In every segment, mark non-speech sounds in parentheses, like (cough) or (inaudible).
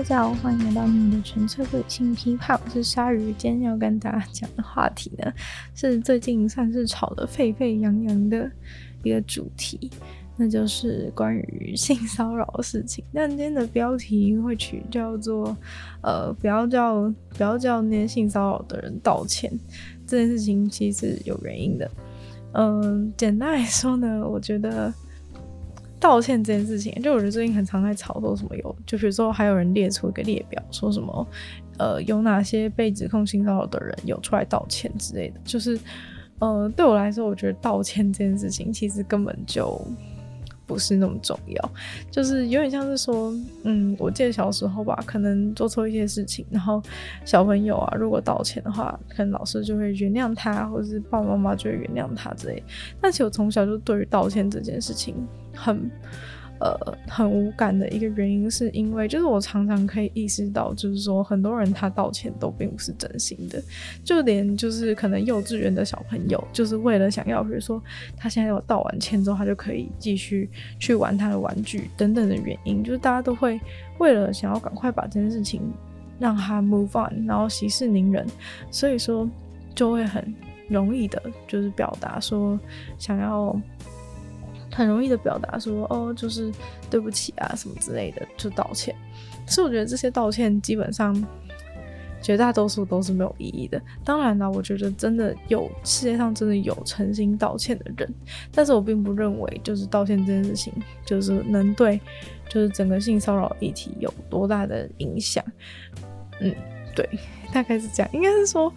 大家好，歡迎來到你們的純社會性批判。我是鯊魚，今天要跟大家講的話題呢，是最近算是吵得沸沸揚揚的一個主題，那就是關於性騷擾的事情。但今天的標題會取叫做“呃，不要叫不要叫那些性騷擾的人道歉”，這件事情其實是有原因的。嗯、呃，簡單來說呢，我覺得。道歉這件事情，就我覺得最近很常在炒作什麼有，就比如說還有人列出一個列表，說什麼，呃，有哪些被指控性騷擾的人有出來道歉之類的，就是，呃，對我來說，我覺得道歉這件事情其實根本就。不是那麼重要，就是有點像是說，嗯，我記得小時候吧，可能做錯一些事情，然後小朋友啊，如果道歉的話，可能老師就會原諒他，或者是爸爸媽媽就會原諒他之類。但其實我從小就對於道歉這件事情很。呃，很無感的一個原因，是因為就是我常常可以意識到，就是說很多人他道歉都並不是真心的，就連就是可能幼稚園的小朋友，就是為了想要比如說他現在有道完歉之後，他就可以繼續去玩他的玩具等等的原因，就是大家都會為了想要趕快把這件事情讓他 move on，然後息事寧人，所以說就會很容易的，就是表達說想要。很容易的表達說，哦，就是對不起啊什麼之類的，就道歉。所以我覺得這些道歉基本上，絕大多數都是沒有意義的。當然了，我覺得真的有世界上真的有誠心道歉的人，但是我並不認為就是道歉這件事情，就是能對就是整個性騷擾議題有多大的影響。嗯，對，大概是這樣。應該是說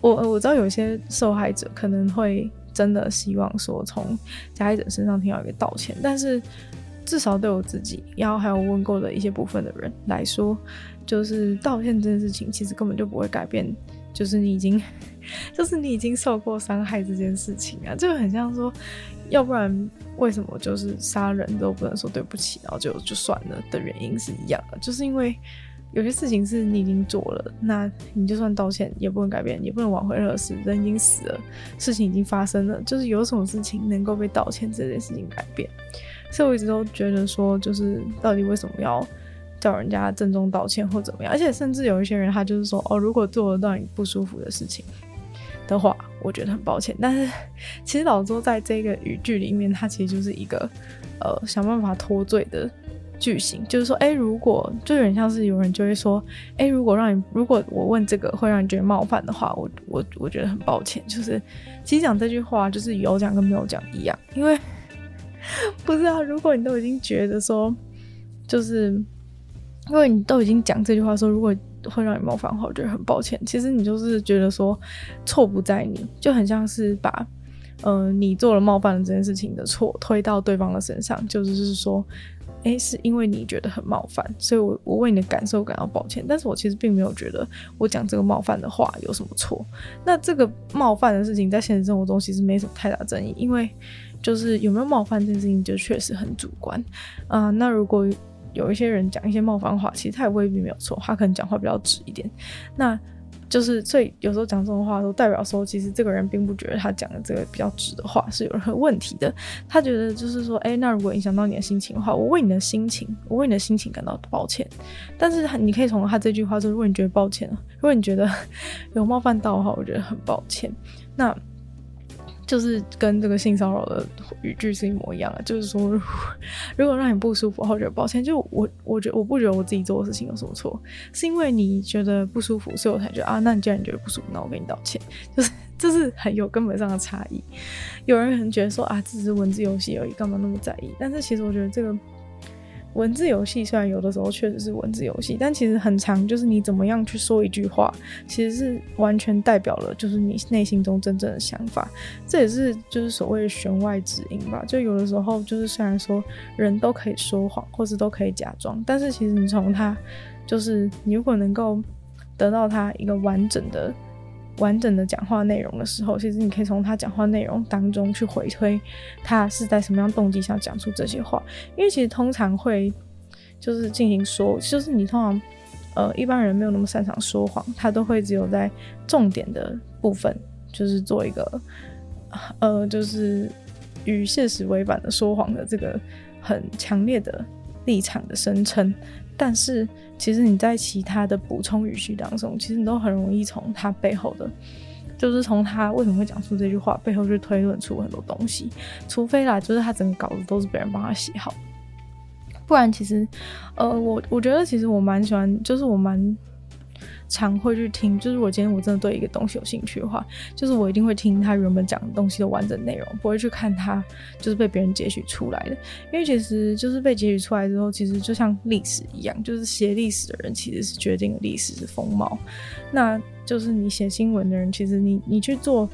我我知道有些受害者可能會。真的希望說從加害者身上聽到一個道歉，但是至少對我自己，然後還有問過的一些部分的人來說，就是道歉這件事情其實根本就不會改變，就是你已經，就是你已經受過傷害這件事情啊，就很像說，要不然為什麼就是殺人都不能說對不起，然後就就算了的原因是一樣的，就是因為。有些事情是你已經做了，那你就算道歉也不能改變，也不能挽回任何事。人已經死了，事情已經發生了，就是有什麼事情能夠被道歉這件事情改變？所以我一直都覺得說，就是到底為什麼要叫人家鄭重道歉或怎麼樣？而且甚至有一些人他就是說，哦，如果做了讓你不舒服的事情的話，我覺得很抱歉。但是其實老周在這個語句裡面，他其實就是一個呃想辦法脫罪的句型，就是說，哎、欸，如果就有點像是有人就會說，哎、欸，如果讓你，如果我問這個會讓你覺得冒犯的話，我我我覺得很抱歉。就是其實講這句話，就是有講跟沒有講一樣，因為不知道、啊、如果你都已經覺得說，就是因為你都已經講這句話說，如果會讓你冒犯的話，我覺得很抱歉。其實你就是覺得說錯不在你，就很像是把嗯、呃、你做了冒犯的這件事情的錯推到對方的身上，就是就是說。誒、欸，是因為你覺得很冒犯，所以我我為你的感受感到抱歉。但是我其實並沒有覺得我講這個冒犯的話有什麼錯。那這個冒犯的事情在現實生活中其實沒什麼太大爭議，因為就是有沒有冒犯這件事情就確實很主觀啊、呃。那如果有一些人講一些冒犯的話，其實他也未必沒有錯，他可能講話比較直一點。那就是，所以有時候講這種話，都代表說，其實這個人並不覺得他講的這個比較直的話是有任何問題的。他覺得就是說，哎、欸，那如果影響到你的心情的話，我為你的心情，我為你的心情感到抱歉。但是你可以從他這句話說，如果你覺得抱歉，如果你覺得有冒犯到的話，我覺得很抱歉。那。就是跟這個性騷擾的語句是一模一樣的，就是說如果，如果讓你不舒服，我覺得抱歉。就我，我覺得我不覺得我自己做的事情有什麼錯，是因為你覺得不舒服，所以我才覺得啊，那你既然覺得不舒服，那我跟你道歉。就是這是很有根本上的差異。有人很覺得說啊，這只是文字遊戲而已，幹嘛那麼在意？但是其實我覺得這個，文字遊戲雖然有的時候確實是文字遊戲，但其實很常，就是你怎麼樣去說一句話，其實是完全代表了就是你內心中真正的想法。這也是就是所謂的弦外之音吧。就有的時候就是雖然說人都可以說謊，或是都可以假裝，但是其實你從他，就是你如果能夠得到他一個完整的。完整的講話內容的時候，其實你可以從他講話內容當中去回推，他是在什麼樣動機下講出這些話。因為其實通常會就是進行說，就是你通常呃一般人沒有那麼擅長說謊，他都會只有在重點的部分就是做一個呃就是與現實違反的說謊的這個很強烈的立場的聲稱。但是，其實你在其他的補充語序當中，其實你都很容易從他背後的，就是從他為什麼會講出這句話背後去推論出很多東西，除非啦，就是他整個稿子都是別人幫他寫好，不然其實，呃，我我覺得其實我蠻喜歡，就是我蠻。常會去聽，就是我今天我真的對一個東西有興趣的話，就是我一定會聽他原本講的東西的完整內容，不會去看他就是被別人截取出來的，因為其實就是被截取出來之後，其實就像歷史一樣，就是寫歷史的人其實是決定了歷史的風貌，那就是你寫新聞的人，其實你你去做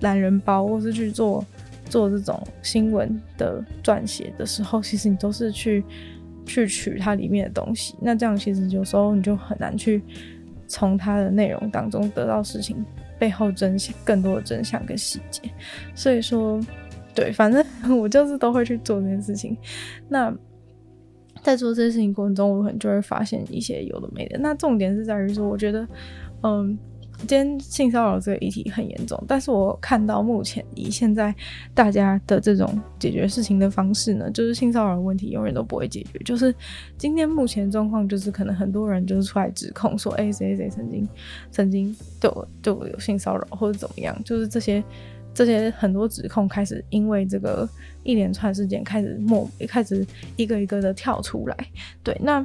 懶人包，或是去做做這種新聞的撰寫的時候，其實你都是去去取它裡面的東西，那這樣其實有時候你就很難去。從他的內容當中得到事情背後真相，更多的真相跟細節，所以說，對，反正我就是都會去做這件事情。那在做這件事情過程中，我可能就會發現一些有的沒的。那重點是在於說，我覺得，嗯。今天性騷擾這個議題很嚴重，但是我看到目前以現在大家的這種解決事情的方式呢，就是性騷擾的問題永遠都不會解決，就是今天目前狀況，就是可能很多人就是出來指控說，哎、欸，誰誰誰曾經曾經對我對我有性騷擾或者怎麼樣，就是這些這些很多指控開始因為這個一連串事件開始默，開始一個一個的跳出來，對，那。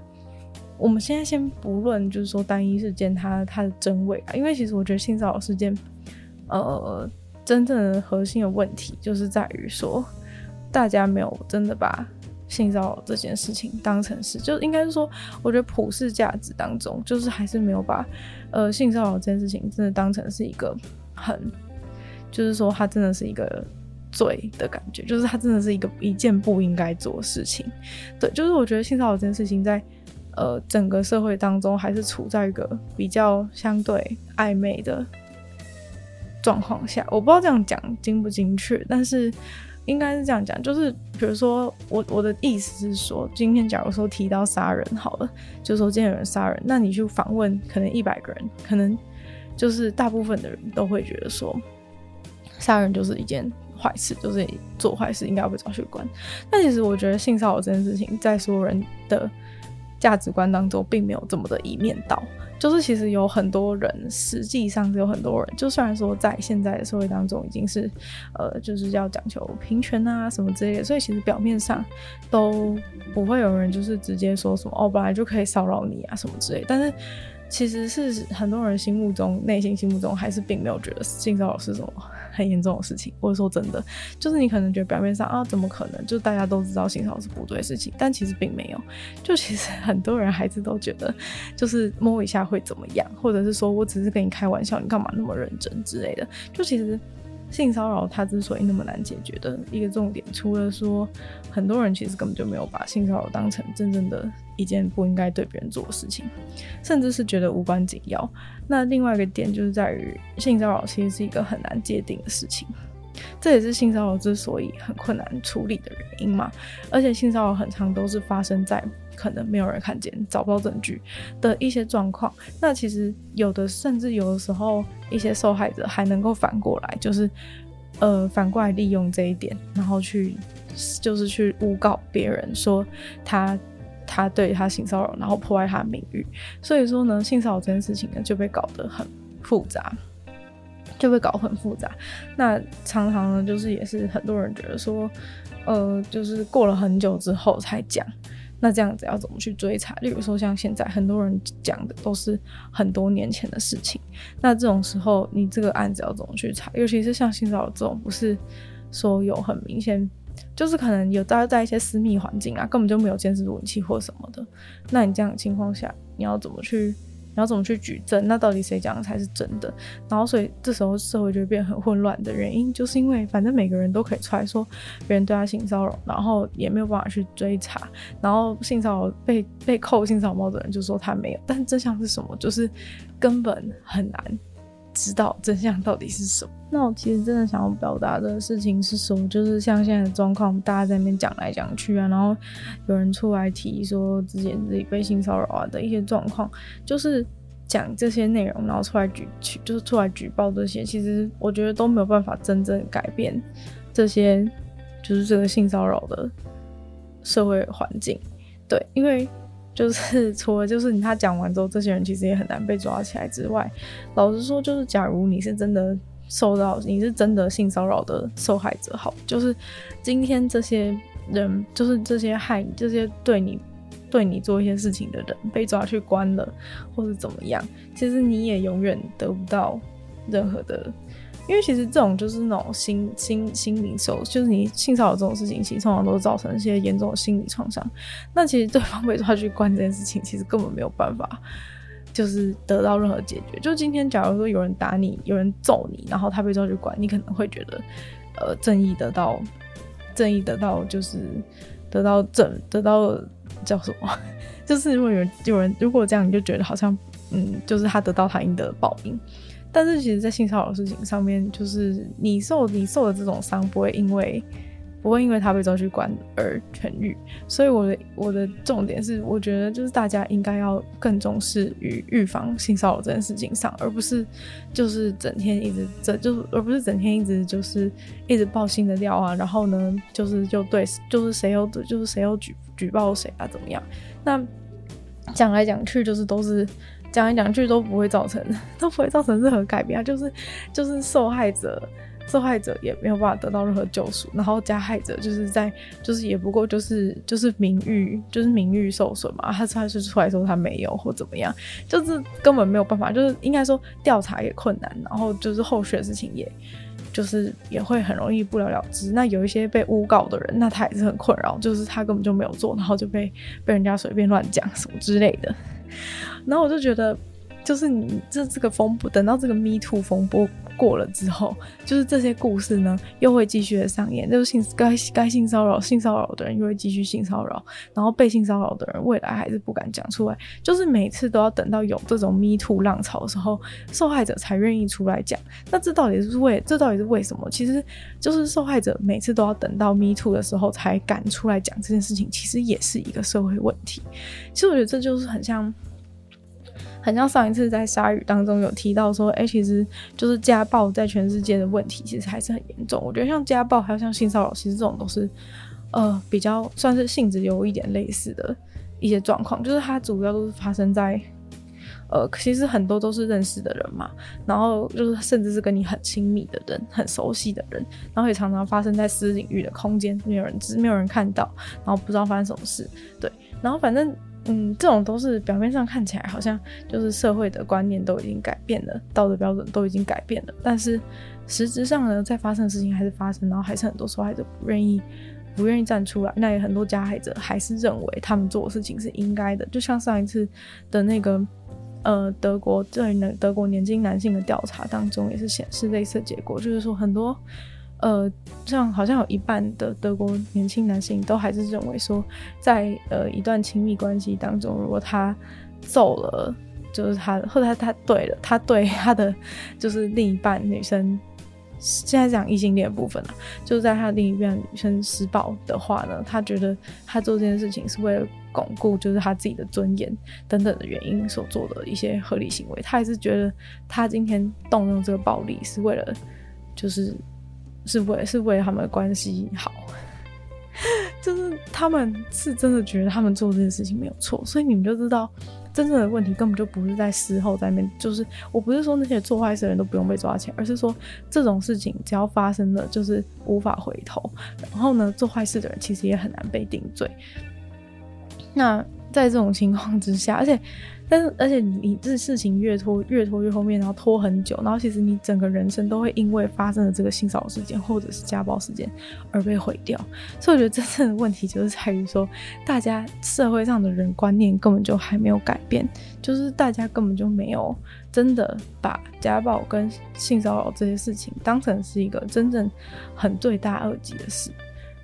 我們現在先不論，就是說單一事件它它的真偽啊，因為其實我覺得性騷擾事件，呃，真正的核心的問題就是在於說，大家沒有真的把性騷擾這件事情當成是，就應該是說，我覺得普世價值當中，就是還是沒有把呃性騷擾這件事情真的當成是一個很，就是說它真的是一個罪的感覺，就是它真的是一個一件不應該做的事情。對，就是我覺得性騷擾這件事情在。呃，整個社會當中還是處在一個比較相對曖昧的狀況下，我不知道這樣講精不精確，但是應該是這樣講，就是比如說我我的意思是說，今天假如說提到殺人好了，就是說今天有人殺人，那你去訪問可能一百個人，可能就是大部分的人都會覺得說，殺人就是一件壞事，就是你做壞事應該要被抓去關。但其實我覺得性騷擾這件事情，在所有人的。價值觀當中並沒有這麼的一面倒，就是其實有很多人，實際上是有很多人，就雖然說在現在的社會當中已經是，呃，就是要講求平權啊什麼之類的，所以其實表面上都不會有人就是直接說什麼哦，本來就可以騷擾你啊什麼之類的，但是其實是很多人心目中內心心目中還是並沒有覺得性騷擾是什麼。很嚴重的事情，或者說真的，就是你可能覺得表面上啊，怎麼可能？就大家都知道性騷擾是不對的事情，但其實並沒有。就其實很多人還是都覺得，就是摸一下會怎麼樣，或者是說我只是跟你開玩笑，你幹嘛那麼認真之類的。就其實性騷擾它之所以那麼難解決的一個重點，除了說很多人其實根本就沒有把性騷擾當成真正的。一件不應該對別人做的事情，甚至是覺得無關緊要。那另外一個點就是在於性騷擾其實是一個很難界定的事情，這也是性騷擾之所以很困難處理的原因嘛。而且性騷擾很常都是發生在可能沒有人看見、找不到證據的一些狀況。那其實有的甚至有的時候，一些受害者還能夠反過來，就是呃反過來利用這一點，然後去就是去誣告別人說他，他對他性騷擾，然後破壞他名譽，所以說呢，性騷擾這件事情呢就被搞得很複雜，就被搞得很複雜。那常常呢，就是也是很多人覺得說，呃，就是過了很久之後才講，那這樣子要怎麼去追查？例如說像現在很多人講的都是很多年前的事情，那這種時候你這個案子要怎麼去查？尤其是像性騷擾這種，不是說有很明顯。就是可能有大家在一些私密環境啊，根本就沒有監視錄影器或什麼的。那你這樣的情況下，你要怎麼去，你要怎麼去舉證？那到底誰講的才是真的？然後所以這時候社會就會變很混亂的原因，就是因為反正每個人都可以出來說別人對他性騷擾，然後也沒有辦法去追查。然後性騷擾被被扣性騷擾帽的人就說他沒有，但真相是什麼？就是根本很難。知道真相到底是什麼？那我其實真的想要表達的事情是說，就是像現在的狀況，大家在那邊講來講去啊，然後有人出來提說之前自己被性騷擾啊的一些狀況，就是講這些內容，然後出來舉，就是出來舉報這些，其實我覺得都沒有辦法真正改變這些，就是這個性騷擾的社會環境，對，因為。就是除了就是你他講完之後，這些人其實也很難被抓起來之外，老實說，就是假如你是真的受到，你是真的性騷擾的受害者，好，就是今天這些人，就是這些害你、這些對你、對你做一些事情的人被抓去關了，或者怎麼樣，其實你也永遠得不到任何的。因為其實這種就是那種心心心靈受就是你性騷擾這種事情，其實通常都造成一些嚴重的心理創傷。那其實對方被抓去關這件事情，其實根本沒有辦法，就是得到任何解決。就今天，假如說有人打你，有人揍你，然後他被抓去關，你可能會覺得，呃，正義得到，正義得到，就是得到正，得到叫什麼？就是如果有人有人如果這樣，你就覺得好像，嗯，就是他得到他應得的報應。但是其實，在性騷擾事情上面，就是你受你受的這種傷，不會因為不會因為他被抓去關而痊愈。所以我的我的重點是，我覺得就是大家應該要更重視於預防性騷擾這件事情上，而不是就是整天一直這就是而不是整天一直就是一直爆新的料啊，然後呢就是就對就是誰又就是誰又舉舉報誰啊怎麼樣？那講來講去就是都是。講來講去都不會造成都不會造成任何改變啊！就是就是受害者受害者也沒有辦法得到任何救贖，然後加害者就是在就是也不過就是就是名譽就是名譽受損嘛。他出來就是出來說他沒有或怎麼樣，就是根本沒有辦法，就是應該說調查也困難，然後就是後續的事情也就是也會很容易不了了之。那有一些被誣告的人，那他也是很困擾，就是他根本就沒有做，然後就被被人家隨便亂講什麼之類的。然後我就覺得，就是你這這個風波，等到這個 Me Too 風波過了之後，就是這些故事呢，又會繼續的上演。就是性該該性騷擾、性騷擾的人，又會繼續性騷擾，然後被性騷擾的人，未來還是不敢講出來。就是每次都要等到有這種 Me Too 浪潮的時候，受害者才願意出來講。那這到底是為？這到底是為什麼？其實就是受害者每次都要等到 Me Too 的時候才敢出來講這件事情，其實也是一個社會問題。其實我覺得這就是很像。很像上一次在鯊魚當中有提到說，誒、欸，其實就是家暴在全世界的問題，其實還是很嚴重。我覺得像家暴，還有像性騷擾，其實這種都是，呃，比較算是性質有一點類似的，一些狀況，就是它主要都是發生在，呃，其實很多都是認識的人嘛，然後就是甚至是跟你很親密的人、很熟悉的人，然後也常常發生在私領域的空間，沒有人知，沒有人看到，然後不知道發生什麼事，對，然後反正。嗯，這種都是表面上看起來好像就是社會的觀念都已經改變了，道德標準都已經改變了，但是實質上呢，在發生的事情還是發生，然後還是很多受害者不願意不願意站出來，那也很多加害者還是認為他們做的事情是應該的。就像上一次的那個呃德國對那德國年輕男性的調查當中，也是顯示類似的結果，就是說很多。呃，像好像有一半的德國年輕男性都還是認為說在，在呃一段親密關係當中，如果他揍了，就是他或者他，他對了，他對他的就是另一半女生，現在講異性戀的部分了啊，就是在他的另一半女生施暴的話呢，他覺得他做這件事情是為了鞏固就是他自己的尊嚴等等的原因所做的一些合理行為，他還是覺得他今天動用這個暴力是為了就是。是為是為他們的關係好， (laughs) 就是他們是真的覺得他們做這件事情沒有錯，所以你們就知道，真正的問題根本就不是在事後在面，就是我不是說那些做壞事的人都不用被抓起來，而是說這種事情只要發生了就是無法回頭，然後呢，做壞事的人其實也很難被定罪。那在這種情況之下，而且。但是，而且你，你這事情越拖越拖越後面，然後拖很久，然後其實你整個人生都會因為發生了這個性騷擾事件或者是家暴事件而被毀掉。所以，我覺得真正的問題就是在於說，大家社會上的人觀念根本就還沒有改變，就是大家根本就沒有真的把家暴跟性騷擾這些事情當成是一個真正很罪大惡極的事。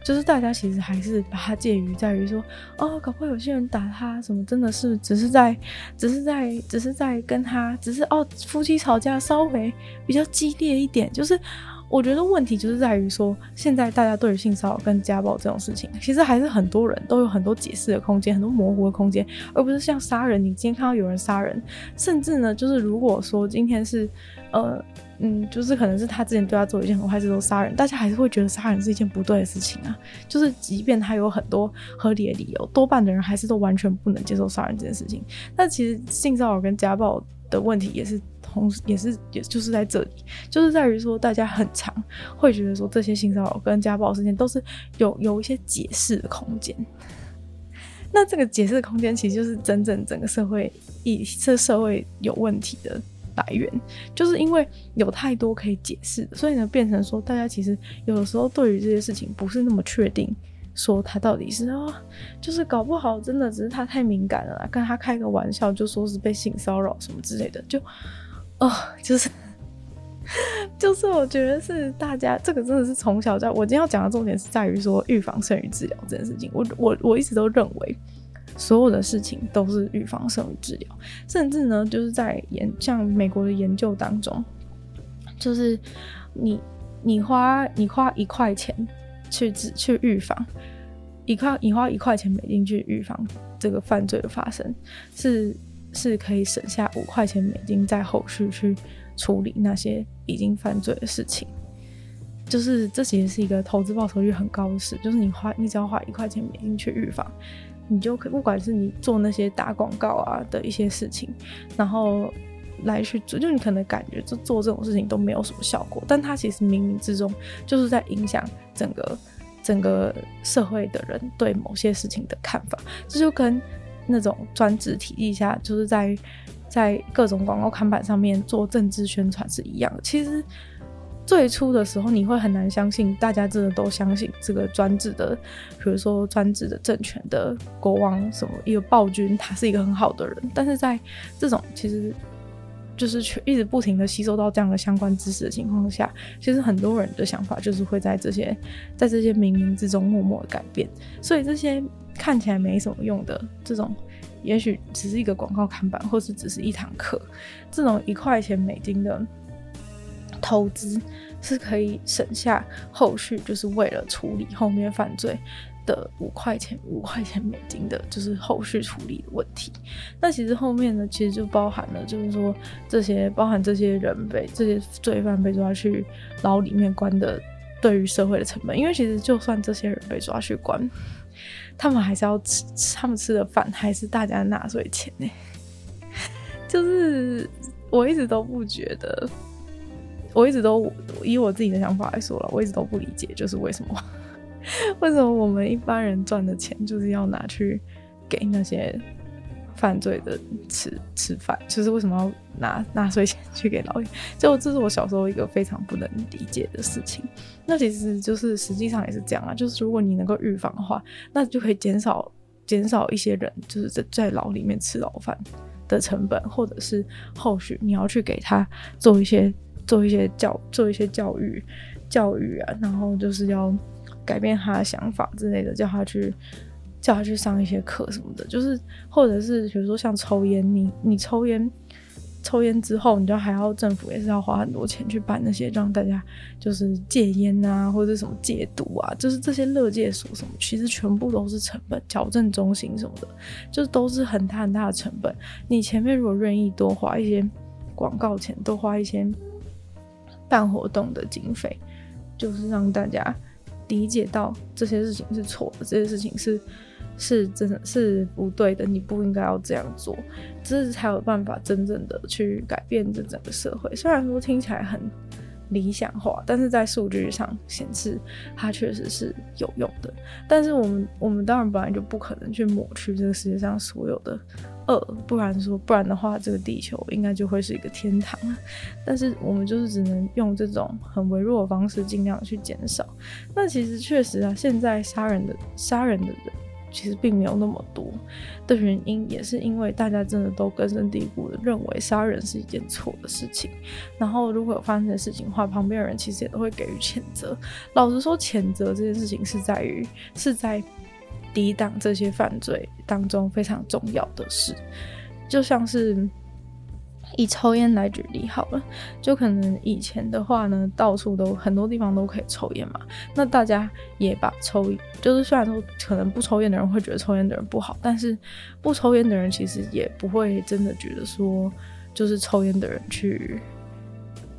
就是大家其實還是把它介於在於說，哦，搞不好有些人打他什麼，真的是只是在，只是在，只是在跟他，只是，哦，夫妻吵架稍微比較激烈一點，就是。我覺得問題就是在於說，現在大家對於性騷擾跟家暴這種事情，其實還是很多人都有很多解釋的空間，很多模糊的空間，而不是像殺人。你今天看到有人殺人，甚至呢，就是如果說今天是，呃，嗯，就是可能是他之前對他做一件很壞事，都殺人，大家還是會覺得殺人是一件不對的事情啊。就是即便他有很多合理的理由，多半的人還是都完全不能接受殺人這件事情。那其實性騷擾跟家暴的問題也是。同時也是，也就是在這裡，就是在於說，大家很常會覺得說，這些性騷擾跟家暴事件都是有有一些解釋的空間。那這個解釋的空間，其實就是真正整、整個社會一這社會有問題的來源，就是因為有太多可以解釋，所以呢，變成說大家其實有的時候對於這些事情不是那麼確定，說他到底是啊、哦，就是搞不好真的只是他太敏感了，跟他開個玩笑就說是被性騷擾什麼之類的，就。Oh, 就是，就是我覺得是大家這個真的是從小在。我今天要講的重點是在於說預防勝於治療這件事情。我我我一直都認為，所有的事情都是預防勝於治療。甚至呢，就是在研像美國的研究當中，就是你你花你花一塊錢去治去預防，一塊你花一塊錢美金去預防這個犯罪的發生是。是可以省下五塊錢美金，在後續去處理那些已經犯罪的事情。就是這其實是一個投資報酬率很高的事，就是你花，你只要花一塊錢美金去預防，你就可不管是你做那些打廣告啊的一些事情，然後來去做，就你可能感覺就做這種事情都沒有什麼效果，但它其實冥冥之中就是在影響整個整個社會的人對某些事情的看法。這就跟。那種專制體系下，就是在在各種廣告看板上面做政治宣傳是一樣的。其實最初的時候，你會很難相信，大家真的都相信這個專制的，比如說專制的政權的國王什麼一個暴君，他是一個很好的人。但是在這種其實就是一直不停的吸收到這樣的相關知識的情況下，其實很多人的想法就是會在這些在這些冥冥之中默默的改變。所以這些。看起來沒什麼用的這種，也許只是一個廣告看板，或是只是一堂課。這種一塊錢美金的投資是可以省下後續就是為了處理後面犯罪的五塊錢、五塊錢美金的，就是後續處理的問題。那其實後面呢，其實就包含了，就是說這些包含這些人被這些罪犯被抓去牢裡面關的，對於社會的成本。因為其實就算這些人被抓去關。他們還是要吃，他們吃的飯還是大家的納稅錢呢、欸？就是我一直都不覺得，我一直都我以我自己的想法來說了，我一直都不理解，就是為什麼，為什麼我們一般人賺的錢就是要拿去給那些？犯罪的吃吃飯，就是為什麼要拿納稅錢去給牢獄？就這是我小時候一個非常不能理解的事情。那其實就是實際上也是這樣啊，就是如果你能夠預防的話，那就可以減少減少一些人就是在在牢裡面吃牢飯的成本，或者是後續你要去給他做一些做一些教做一些教育教育啊，然後就是要改變他的想法之類的，叫他去。叫他去上一些課什麼的，就是或者是比如說像抽煙，你你抽煙，抽煙之後，你就還要政府也是要花很多錢去辦那些讓大家就是戒煙啊，或者什麼戒毒啊，就是這些勒戒所什麼，其實全部都是成本，矯正中心什麼的，就是都是很大很大的成本。你前面如果願意多花一些廣告錢，多花一些辦活動的經費，就是讓大家理解到這些事情是錯的，這些事情是。是真的是不對的，你不應該要這樣做，這是才有辦法真正的去改變這整個社會。雖然說聽起來很理想化，但是在數據上顯示它確實是有用的。但是我們我們當然本來就不可能去抹去這個世界上所有的惡，不然說，不然的話，這個地球應該就會是一個天堂。但是我們就是只能用這種很微弱的方式，盡量去減少。那其實確實啊，現在殺人的，殺人的人。其實並沒有那麼多的原因，也是因為大家真的都根深蒂固地認為殺人是一件錯的事情。然後如果有發生的事情的話，旁邊的人其實也都會給予譴責。老實說，譴責這件事情是在於是在抵擋這些犯罪當中非常重要的事，就像是。以抽煙來舉例好了，就可能以前的話呢，到處都很多地方都可以抽煙嘛。那大家也把抽，就是雖然說可能不抽煙的人會覺得抽煙的人不好，但是不抽煙的人其實也不會真的覺得說，就是抽煙的人去。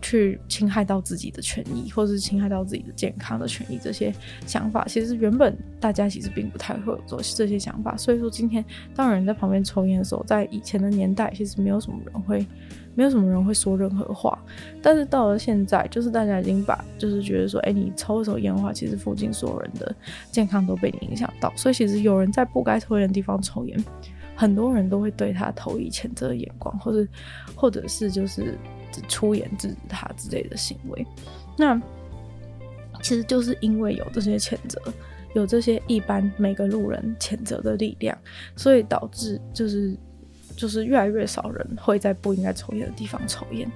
去侵害到自己的權益，或者是侵害到自己的健康的權益，這些想法其實原本大家其實並不太會有做這些想法。所以說今天當人在旁邊抽煙的時候，在以前的年代其實沒有什麼人會，沒有什麼人會說任何話。但是到了現在，就是大家已經把就是覺得說，哎、欸，你抽一抽煙的話，其實附近所有人的健康都被你影響到。所以其實有人在不該抽煙的地方抽煙。很多人都會對他投以譴責的眼光，或者，或者是就是出言制止他之類的行為。那其實就是因為有這些譴責，有這些一般每個路人譴責的力量，所以導致就是就是越來越少人會在不應該抽煙的地方抽煙。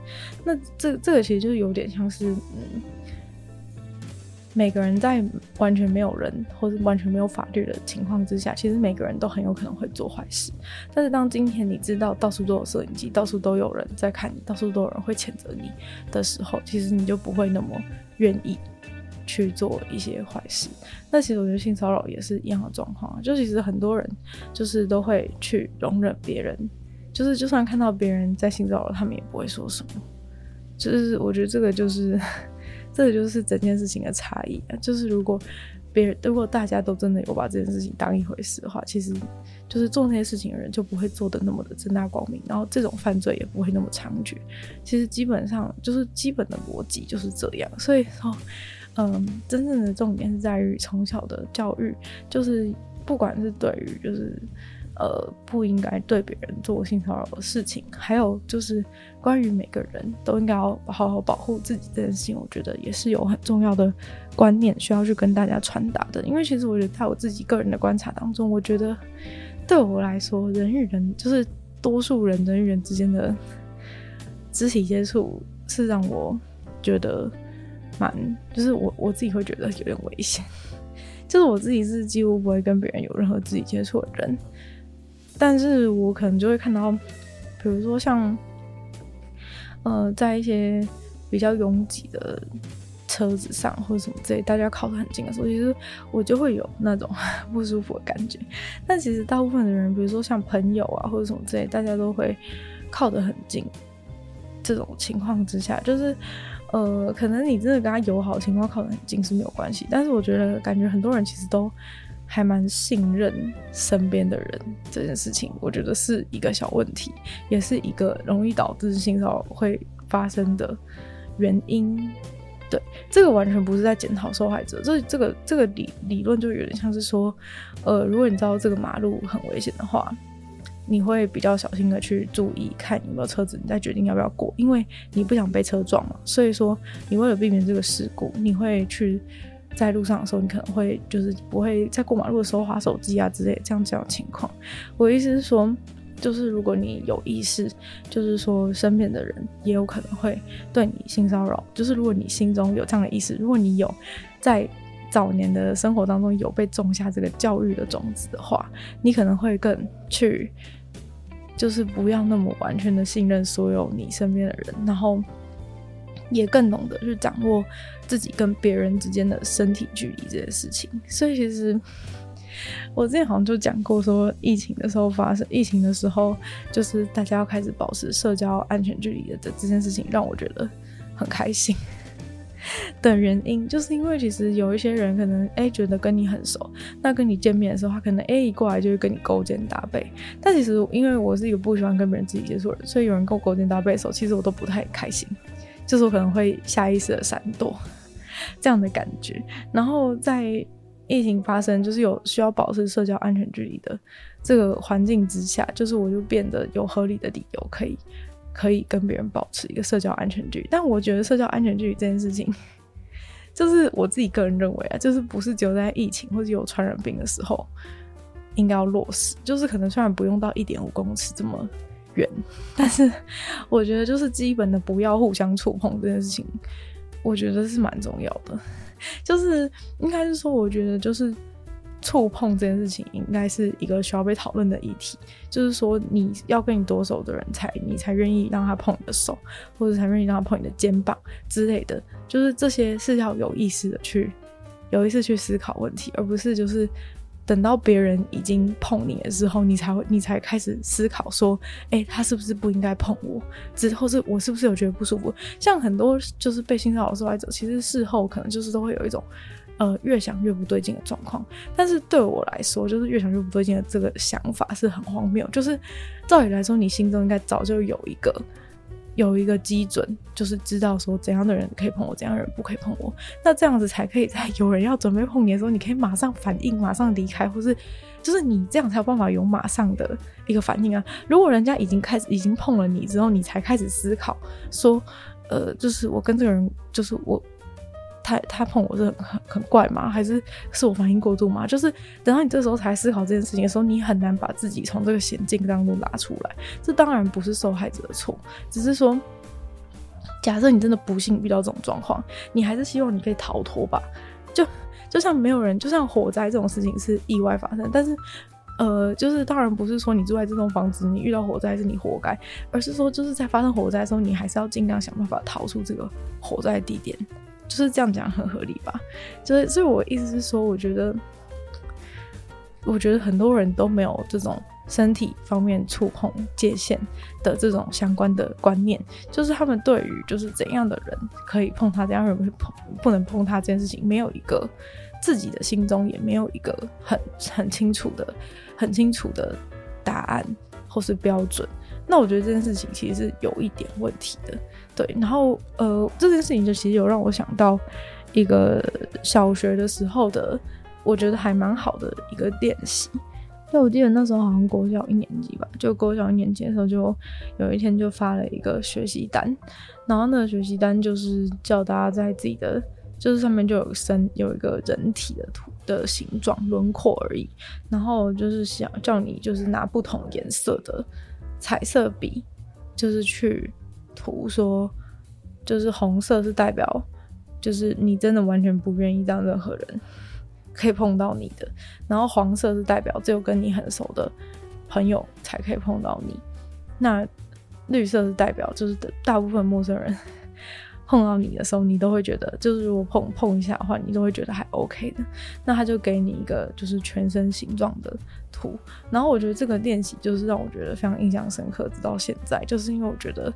那這這個其實就有點像是嗯。每個人在完全沒有人或是完全沒有法律的情況之下，其實每個人都很有可能會做壞事。但是當今天你知道到處都有攝影機，到處都有人在看你，到處都有人會譴責你的時候，其實你就不會那麼願意去做一些壞事。那其實我覺得性騷擾也是一樣的狀況，就其實很多人就是都會去容忍別人，就是就算看到別人在性騷擾，他們也不會說什麼。就是我覺得這個就是。這就是整件事情的差異啊！就是如果別人，如果大家都真的有把這件事情當一回事的話，其實就是做那些事情的人就不會做得那麼的正大光明，然後這種犯罪也不會那麼猖獗。其實基本上就是基本的邏輯就是這樣，所以說，嗯，真正的重點是在於從小的教育，就是不管是對於就是。呃，不應該對別人做性騷擾的事情。還有就是，關於每個人都應該要好好保護自己這件事情，我覺得也是有很重要的觀念需要去跟大家傳達的。因為其實我覺得在我自己個人的觀察當中，我覺得對我來說，人與人就是多數人人與人之間的肢體接觸，是讓我覺得蠻，就是我我自己會覺得有點危險。就是我自己是幾乎不會跟別人有任何肢體接觸的人。但是我可能就會看到，比如說像，呃，在一些比較擁擠的車子上或者什麼之類，大家靠得很近的時候，其實我就會有那種不舒服的感覺。但其實大部分的人，比如說像朋友啊或者什麼之類，大家都會靠得很近。這種情況之下，就是，呃，可能你真的跟他友好情況靠得很近是沒有關係，但是我覺得感覺很多人其實都，還蠻信任身邊的人這件事情，我覺得是一個小問題，也是一個容易導致性騷擾會發生的原因。對，這個完全不是在檢討受害者，這這個這個理理論就有點像是說，呃，如果你知道這個馬路很危險的話，你會比較小心的去注意看有沒有車子，你再決定要不要過，因為你不想被車撞嘛。所以說，你為了避免這個事故，你會去。在路上的時候，你可能會就是不會在過馬路的時候滑手機啊之類的這樣子的情況。我的意思是說，就是如果你有意識，就是說身邊的人也有可能會對你性騷擾。就是如果你心中有這樣的意識，如果你有在早年的生活當中有被種下這個教育的種子的話，你可能會更去，就是不要那麼完全的信任所有你身邊的人，然後。也更懂得去掌握自己跟別人之間的身體距離這些事情，所以其實我之前好像就講過，說疫情的時候發生，疫情的時候就是大家要開始保持社交安全距離的這這件事情，讓我覺得很開心的原因，就是因為其實有一些人可能哎、欸、覺得跟你很熟，那跟你見面的時候，他可能哎、欸、一過來就會跟你勾肩搭背，但其實因為我是一個不喜歡跟別人肢體接觸的人，所以有人跟我勾肩搭背的時候，其實我都不太開心。就是我可能會下意識的閃躲這樣的感覺，然後在疫情發生，就是有需要保持社交安全距離的這個環境之下，就是我就變得有合理的理由可以可以跟別人保持一個社交安全距離。但我覺得社交安全距離這件事情，就是我自己個人認為啊，就是不是只有在疫情或者有傳染病的時候應該要落實，就是可能雖然不用到一點五公尺這麼。但是我覺得就是基本的不要互相觸碰這件事情，我覺得是蠻重要的。就是應該是說，我覺得就是觸碰這件事情應該是一個需要被討論的議題。就是說，你要跟你多熟的人才，你才願意讓他碰你的手，或者才願意讓他碰你的肩膀之類的。就是這些是要有意識的去有意思去思考問題，而不是就是。等到別人已經碰你的時候，你才會，你才開始思考說，哎、欸，他是不是不應該碰我？之後是我是不是有覺得不舒服？像很多就是被性騷擾受害者，其實事後可能就是都會有一種，呃，越想越不對勁的狀況。但是對我來說，就是越想越不對勁的這個想法是很荒謬。就是，照理來說，你心中應該早就有一個。有一個基準，就是知道說怎樣的人可以碰我，怎樣的人不可以碰我。那這樣子才可以在有人要準備碰你的時候，你可以馬上反應，馬上離開，或是就是你這樣才有辦法有馬上的一個反應啊。如果人家已經開始已經碰了你之後，你才開始思考說，呃，就是我跟這個人，就是我。他他碰我是很很很怪嗎？還是是我反應過度嗎？就是等到你這時候才思考這件事情的時候，你很難把自己從這個險境當中拉出來。這當然不是受害者的錯，只是說，假設你真的不幸遇到這種狀況，你還是希望你可以逃脫吧。就就像沒有人，就像火災這種事情是意外發生，但是呃，就是當然不是說你住在這棟房子，你遇到火災是你活該，而是說就是在發生火災的時候，你還是要儘量想辦法逃出這個火災的地點。就是這樣講很合理吧？就是，所以我意思是說，我覺得，我覺得很多人都沒有這種身體方面觸碰界限的這種相關的觀念，就是他們對於就是怎樣的人可以碰他，怎樣的人不能碰他這件事情，沒有一個自己的心中也沒有一個很很清楚的、很清楚的答案或是標準。那我覺得這件事情其實是有一點問題的。對，然後呃，這件事情就其實有讓我想到一個小學的時候的，我覺得還蠻好的一個練習。就我記得那時候好像國小一年級吧，就國小一年級的時候，就有一天就發了一個學習單，然後那個學習單就是叫大家在自己的，就是上面就有身，有一個人體的圖的形狀輪廓而已，然後就是想叫你就是拿不同顏色的彩色筆，就是去。圖說就是紅色是代表，就是你真的完全不願意讓任何人可以碰到你的。然後黃色是代表只有跟你很熟的朋友才可以碰到你。那綠色是代表就是大部分陌生人 (laughs) 碰到你的時候，你都會覺得就是如果碰碰一下的話，你都會覺得還 OK 的。那他就給你一個就是全身形狀的圖。然後我覺得這個練習就是讓我覺得非常印象深刻，直到現在，就是因為我覺得。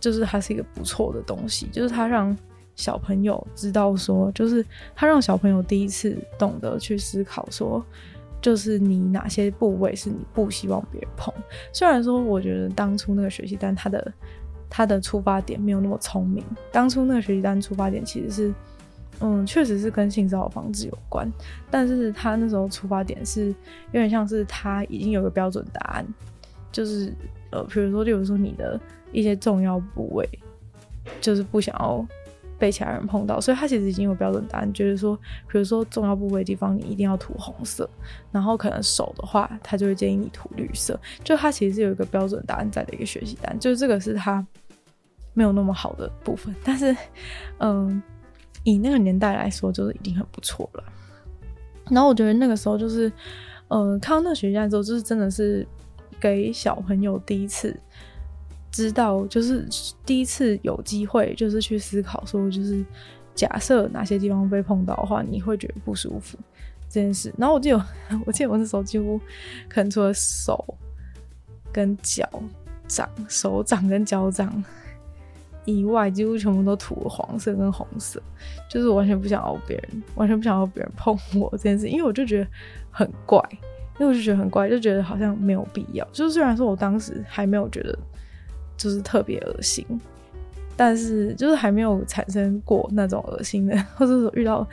就是它是一個不錯的東西，就是它讓小朋友知道說，就是它讓小朋友第一次懂得去思考說，就是你哪些部位是你不希望別人碰。雖然說我覺得當初那個學習單它的他的出發點沒有那麼聰明，當初那個學習單出發點其實是，嗯，確實是跟性騷擾防治有關，但是他那時候出發點是有點像是他已經有個標準答案，就是呃，比如說，就比如說你的。一些重要部位，就是不想要被其他人碰到，所以他其實已經有標準答案，就是說，比如說重要部位的地方你一定要塗紅色，然後可能手的話，他就會建議你塗綠色，就他其實是有一個標準答案在的一個學習單，就是這個是他沒有那麼好的部分，但是，嗯，以那個年代來說，就是已經很不錯了。然後我覺得那個時候就是，嗯，看到那個學習單之後，就是真的是給小朋友第一次。知道就是第一次有機會，就是去思考說，就是假設哪些地方被碰到的話，你會覺得不舒服這件事。然後我就有，我記得我那時候幾乎，可能除了手跟腳掌、手掌跟腳掌以外，幾乎全部都塗了黃色跟紅色。就是我完全不想要別人，完全不想要別人碰我這件事，因為我就覺得很怪，因為我就覺得很怪，就覺得好像沒有必要。就是雖然說我當時還沒有覺得。就是特別噁心，但是就是還沒有產生過那種噁心的，或者說遇到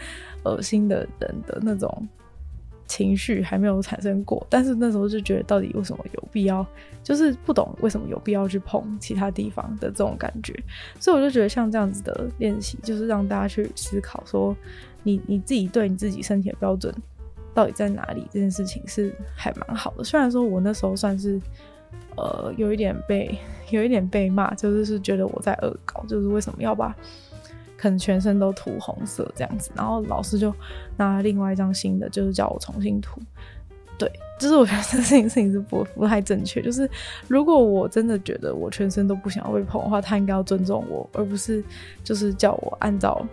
噁心的人的那種情緒還沒有產生過，但是那時候就覺得到底為什麼有必要，就是不懂為什麼有必要去碰其他地方的這種感覺，所以我就覺得像這樣子的練習，就是讓大家去思考說你你自己對你自己身體的標準到底在哪裡這件事情是還蠻好的。雖然說我那時候算是。呃，有一點被，有一點被罵，就是是覺得我在惡搞，就是為什麼要把可能全身都塗紅色這樣子，然後老師就拿另外一張新的，就是叫我重新塗。對，就是我覺得這件事情是不不太正確，就是如果我真的覺得我全身都不想要被碰的話，他應該要尊重我，而不是就是叫我按照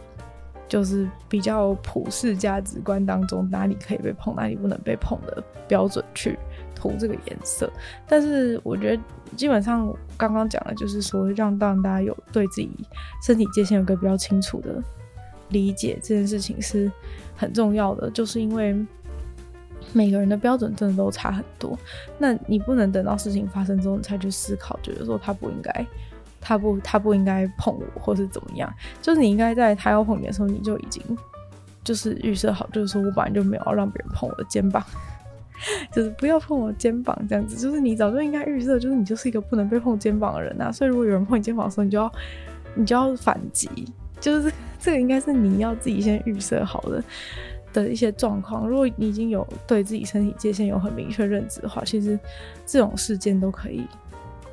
就是比較普世價值觀當中哪裡可以被碰，哪裡不能被碰的標準去。塗這個顏色，但是我覺得基本上剛剛講的，就是說讓大家有對自己身體界限有個比較清楚的理解，這件事情是很重要的。就是因為每個人的標準真的都差很多，那你不能等到事情發生之後你才去思考，覺得說他不應該，他不他不應該碰我，或是怎麼樣。就是你應該在他要碰你的時候，你就已經就是預設好，就是說我本來就沒有讓別人碰我的肩膀。就是不要碰我肩膀這樣子，就是你早就應該預設，就是你就是一個不能被碰肩膀的人啊。所以如果有人碰你肩膀的時候，你就要你就要反擊，就是這個應該是你要自己先預設好的的一些狀況。如果你已經有對自己身體界限有很明確認知的話，其實這種事件都可以。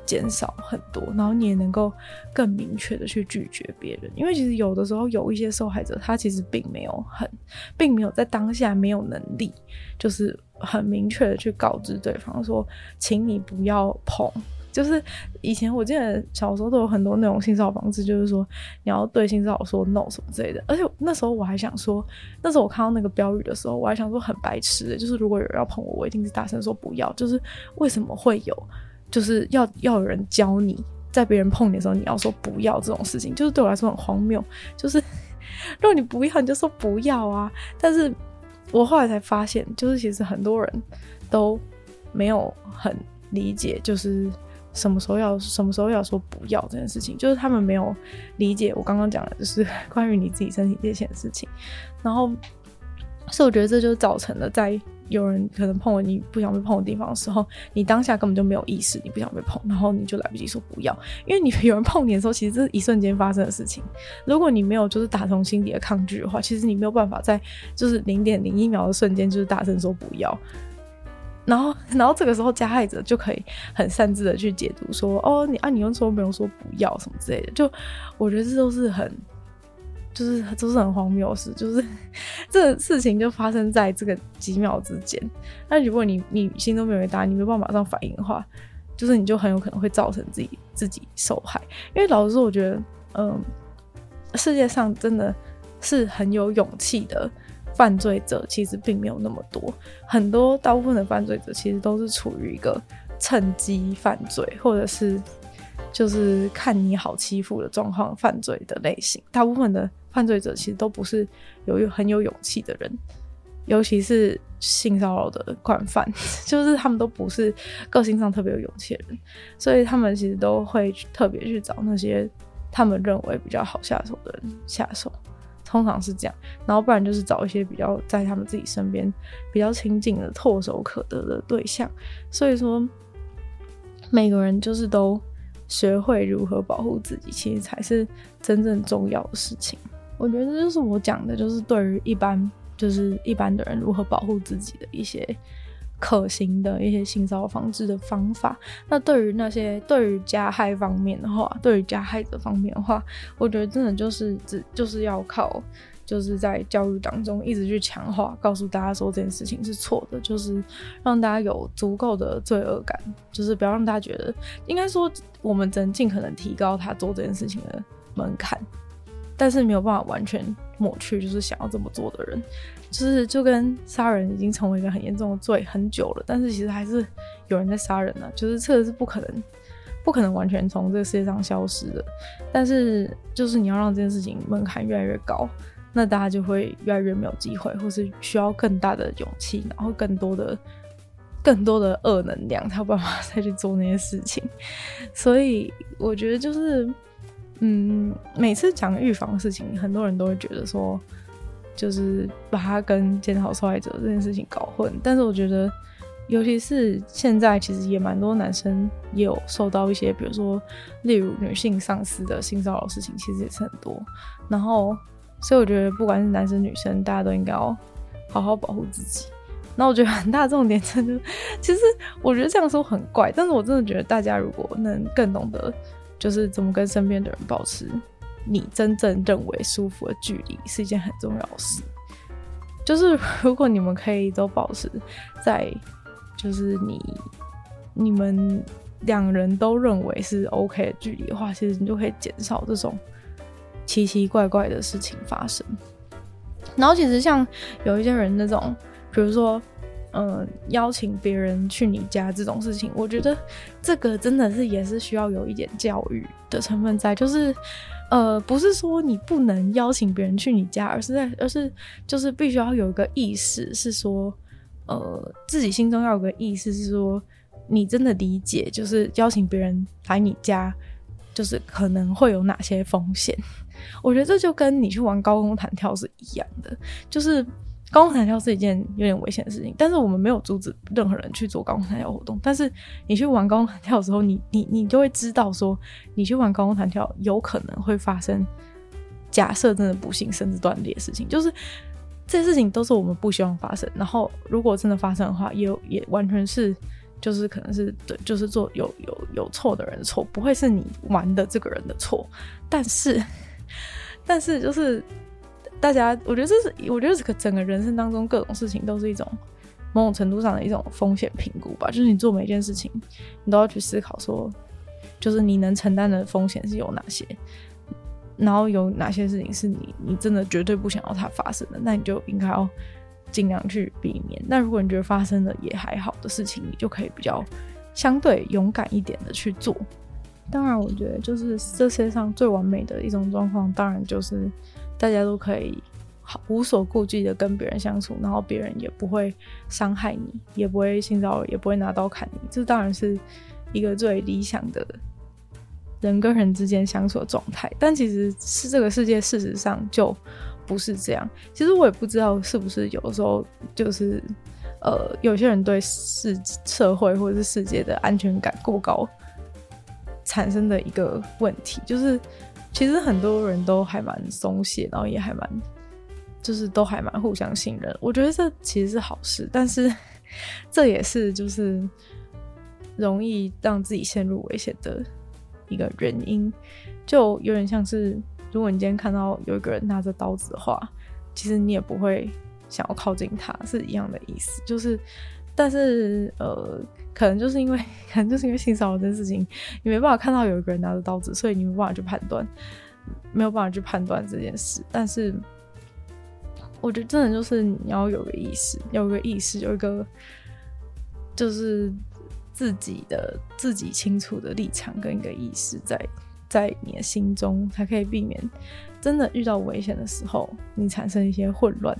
減少很多，然後你也能夠更明確的去拒絕別人。因為其實有的時候有一些受害者，他其實並沒有很，並沒有在當下沒有能力，就是很明確的去告知對方說，請你不要碰。就是以前我記得小時候都有很多那種性騷擾方式，就是說你要對性騷擾說 no 什麼之類的。而且那時候我還想說，那時候我看到那個標語的時候，我還想說很白痴的，就是如果有人要碰我，我一定是大聲說不要。就是為什麼會有？就是要要有人教你，在別人碰你的時候，你要說不要這種事情，就是對我來說很荒謬。就是，如果你不要，你就說不要啊。但是我後來才發現，就是其實很多人都沒有很理解，就是什麼時候要什麼時候要說不要這件事情，就是他們沒有理解我剛剛講的，就是關於你自己身體界限的事情。然後，所以我覺得這就造成了在。有人可能碰了你不想被碰的地方的時候，你當下根本就沒有意識，你不想被碰，然後你就來不及說不要，因為你有人碰你的時候，其實這是一瞬間發生的事情。如果你沒有就是打從心底的抗拒的話，其實你沒有辦法在就是零點零一秒的瞬間就是大聲說不要，然後然後這個時候加害者就可以很擅自的去解讀說，哦你啊你又說沒有說不要什麼之類的，就我覺得這都是很。就是都、就是很荒謬的事，就是這個事情就發生在這個幾秒之間。那如果你你心中沒有答案，你沒辦法馬上反應的話，就是你就很有可能會造成自己自己受害。因為老實說，我覺得，嗯，世界上真的是很有勇氣的犯罪者，其實並沒有那麼多。很多大部分的犯罪者其實都是處於一個趁機犯罪，或者是就是看你好欺負的狀況犯罪的類型。大部分的，犯罪者其實都不是有很有勇氣的人，尤其是性騷擾的慣犯，就是他們都不是個性上特別有勇氣的人，所以他們其實都會特別去找那些他們認為比較好下手的人下手，通常是這樣，然後不然就是找一些比較在他們自己身邊比較親近的唾手可得的對象。所以說，每個人就是都學會如何保護自己，其實才是真正重要的事情。我覺得這就是我講的，就是對於一般，就是一般的人如何保護自己的一些可行的一些性騷擾防治的方法。那對於那些對於加害方面的話，對於加害者方面的話，我覺得真的就是只就是要靠就是在教育當中一直去強化，告訴大家說這件事情是錯的，就是讓大家有足夠的罪惡感，就是不要讓大家覺得，應該說我們只能盡可能提高他做這件事情的門檻。但是沒有辦法完全抹去，就是想要這麼做的人，就是就跟殺人已經成為一個很嚴重的罪很久了。但是其實還是有人在殺人呢、啊，就是確實是不可能，不可能完全從這個世界上消失的。但是就是你要讓這件事情門檻越來越高，那大家就會越來越沒有機會，或是需要更大的勇氣，然後更多的、更多的惡能量才有辦法再去做那些事情。所以我覺得就是。嗯，每次講預防的事情，很多人都會覺得說，就是把他跟檢討受害者這件事情搞混。但是我覺得，尤其是現在，其實也蠻多男生也有受到一些，比如說，例如女性上司的性騷擾事情，其實也是很多。然後，所以我覺得，不管是男生女生，大家都應該要好好保護自己。那我覺得很大重點，真的，其實我覺得這樣說很怪，但是我真的覺得大家如果能更懂得。就是怎麼跟身邊的人保持你真正認為舒服的距離是一件很重要的事。就是如果你們可以都保持在，就是你你們兩人都認為是 OK 的距離的話，其實你就可以減少這種奇奇怪怪的事情發生。然後其實像有一些人那種，比如說。嗯、呃，邀請別人去你家這種事情，我覺得這個真的是也是需要有一點教育的成分在。就是，呃，不是說你不能邀請別人去你家，而是在，而是就是必須要有一個意識，是說，呃，自己心中要有個意識，是說你真的理解，就是邀請別人來你家，就是可能會有哪些風險。我覺得這就跟你去玩高空彈跳是一樣的，就是。高空彈跳是一件有點危險的事情，但是我們沒有阻止任何人去做高空彈跳活動。但是你去玩高空彈跳的時候，你你你就會知道說，你去玩高空彈跳有可能會發生，假設真的不幸甚至斷裂的事情，就是這些事情都是我們不希望發生。然後如果真的發生的話，也也完全是就是可能是對，就是做有有有錯的人的錯，不會是你玩的這個人的錯。但是但是就是。大家，我覺得這是，我覺得整個人生當中各種事情都是一種某種程度上的一種風險評估吧。就是你做每件事情，你都要去思考說，就是你能承擔的風險是有哪些，然後有哪些事情是你你真的絕對不想要它發生的，那你就應該要盡量去避免。那如果你覺得發生的也還好的事情，你就可以比較相對勇敢一點的去做。當然，我覺得就是這世界上最完美的一種狀況，當然就是。大家都可以好無所顧忌的跟別人相處，然後別人也不會傷害你，也不會性騷，也不會拿刀砍你。這當然是一個最理想的人跟人之間相處的狀態，但其實是這個世界事實上就不是這樣。其實我也不知道是不是有的時候就是呃，有些人對世社會或者是世界的安全感過高產生的一個問題，就是。其實很多人都還蠻鬆懈，然後也還蠻，就是都還蠻互相信任。我覺得這其實是好事，但是這也是就是容易讓自己陷入危險的一個原因。就有點像是，如果你今天看到有一個人拿着刀子的話，其實你也不會想要靠近他，是一樣的意思。就是，但是，呃。可能就是因為，可能就是因為性騷擾這件事情，你沒辦法看到有一個人拿着刀子，所以你沒辦法去判斷，沒有辦法去判斷這件事。但是，我覺得真的就是你要有個意識，有個意識，有一個就是自己的自己清楚的立場跟一個意識在在你的心中，才可以避免真的遇到危險的時候，你產生一些混亂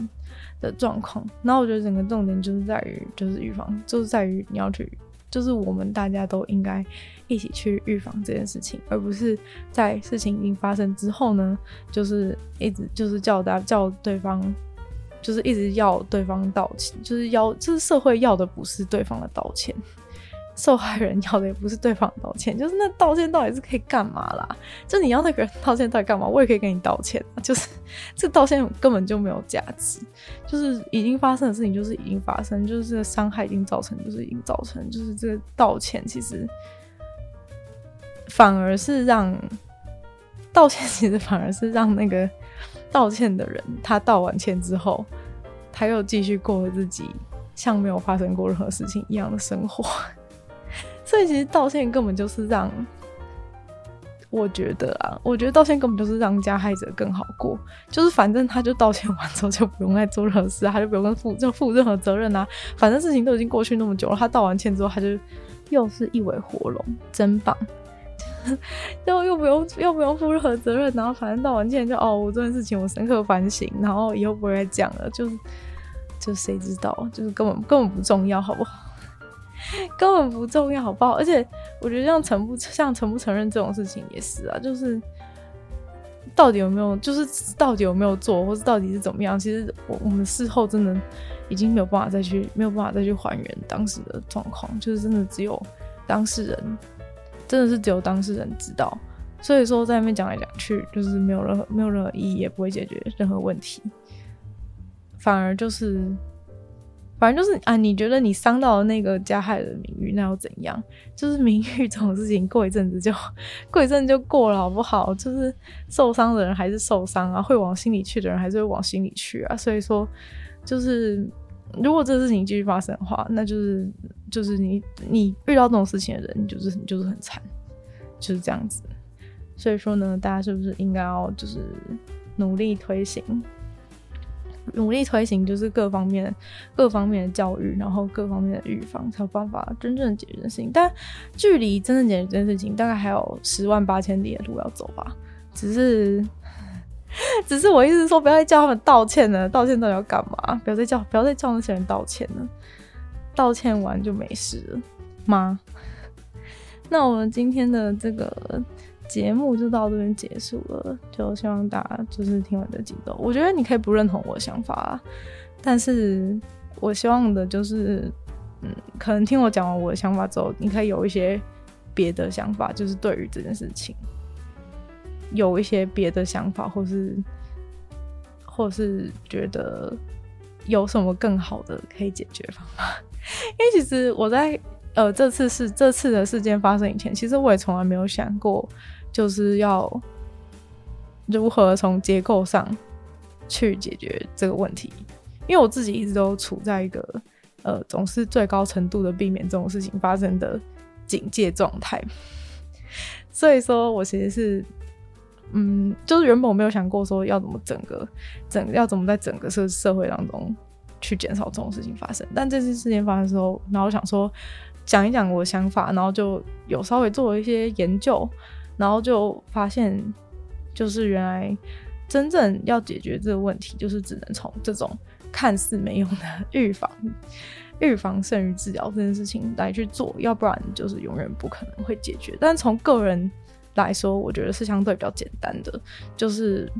的狀況。那我覺得整個重點就是在於，就是預防，就是在於你要去。就是我們大家都應該一起去預防這件事情，而不是在事情已經發生之後呢，就是一直就是叫大家，叫對方，就是一直要對方道歉，就是要，就是社會要的不是對方的道歉。受害人要的也不是對方道歉，就是那道歉到底是可以幹嘛啦？就你要那個人道歉到底幹嘛？我也可以跟你道歉啊，就是這道歉根本就沒有價值。就是已經發生的事情，就是已經發生，就是這個傷害已經造成，就是已經造成，就是這個道歉其實反而是讓道歉，其實反而是讓那個道歉的人，他道完歉之後，他又繼續過着自己像沒有發生過任何事情一樣的生活。所以其實道歉根本就是讓，我覺得啊，我覺得道歉根本就是讓加害者更好過，就是反正他就道歉完之後就不用再做任何事，啊，他就不用負就負任何責任吶，啊。反正事情都已經過去那麼久了，他道完歉之後他就又是一尾活龍，真棒，就 (laughs) 又不用又不用負任何責任，啊，然後反正道完歉就哦，我這件事情我深刻反省，然後以後不會再講了，就就誰知道，就是根本根本不重要，好不好？根本不重要，好不好？而且我覺得像承不像承不承認這種事情也是啊，就是到底有沒有，就是到底有沒有做，或是到底是怎麼樣？其實我，我們事後真的已經沒有辦法再去，沒有辦法再去還原當時的狀況，就是真的只有當事人，真的是只有當事人知道。所以說，在那邊講來講去，就是沒有任何沒有任何意義，也不會解決任何問題，反而就是。反正就是啊，你覺得你傷到了那個加害人名譽，那又怎樣？就是名譽這種事情過，過一陣子就過一陣就過了，好不好？就是受傷的人還是受傷啊，會往心裡去的人還是會往心裡去啊。所以說，就是如果這事情繼續發生的話，那就是就是你你遇到這種事情的人，就是，你就是你就是很慘，就是這樣子。所以說呢，大家是不是應該要就是努力推行？努力推行就是各方面，各方面的教育，然後各方面的預防，才有辦法真正解決事情。但距離真正解決這件事情，大概還有十萬八千里的路要走吧。只是，只是我一直說不要再叫他們道歉了，道歉到底要幹嘛？不要再叫，不要再叫那些人道歉了，道歉完就沒事了嗎？那我們今天的這個。節目就到這邊結束了，就希望大家就是聽完這集之後，我覺得你可以不認同我的想法啦，但是我希望的就是，嗯，可能聽我講完我的想法之後，你可以有一些別的想法，就是對於這件事情有一些別的想法，或是或是覺得有什麼更好的可以解決方法。因為其實我在呃這次是這次的事件發生以前，其實我也從來沒有想過。就是要如何從結構上去解決這個問題。因為我自己一直都處在一個呃，總是最高程度的避免這種事情發生的警戒狀態。所以說我其實是，嗯，就是原本我沒有想過說要怎麼整個、整要怎麼在整個社社會當中去減少這種事情發生。但這次事件發生的時候，然後我想說講一講我的想法，然後就有稍微做一些研究。然後就發現，就是原來真正要解決這個問題，就是只能從這種看似沒用的預防、預防勝於治療這件事情來去做，要不然就是永遠不可能會解決。但從個人來說，我覺得是相對比較簡單的，就是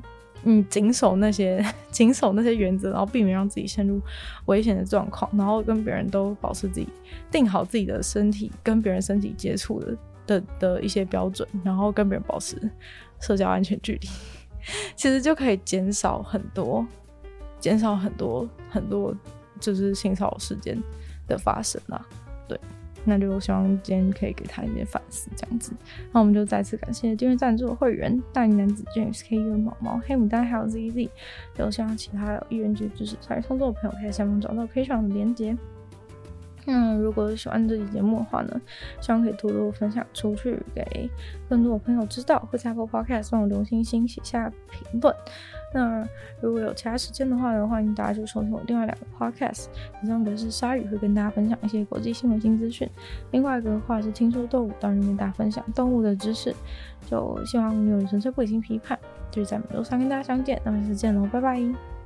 你謹守那些、謹守那些原則，然後避免讓自己陷入危險的狀況，然後跟別人都保持自己，定好自己的身體，跟別人身體接觸的，的的一些標準，然後跟別人保持社交安全距離， (laughs) 其實就可以減少很多、減少很多很多，就是性騷擾事件的發生啦、啊。對，那就希望今天可以給他一些反思這樣子。那我們就再次感謝訂閱贊助的會員大齡男子 James、K 元毛毛、黑牡丹還有 Z Z。有想要其他有意願者，支持參與創作的朋友，在下面找到，可以在下方找到 K 以的連接。那、嗯、如果喜歡這期節目的話呢，希望可以多多分享出去，給更多的朋友知道和加入 Podcast。希望留星星寫下評論。那如果有其他時間的話的話，歡迎大家去收聽我另外兩個 Podcast。一個是鯊語會跟大家分享一些國際新聞新資訊，另外一個的話是聽說動物，當然跟大家分享動物的知識。就希望我們有純粹不理性批判。就是在每週三跟大家相見，那麼下次見嘍，拜拜。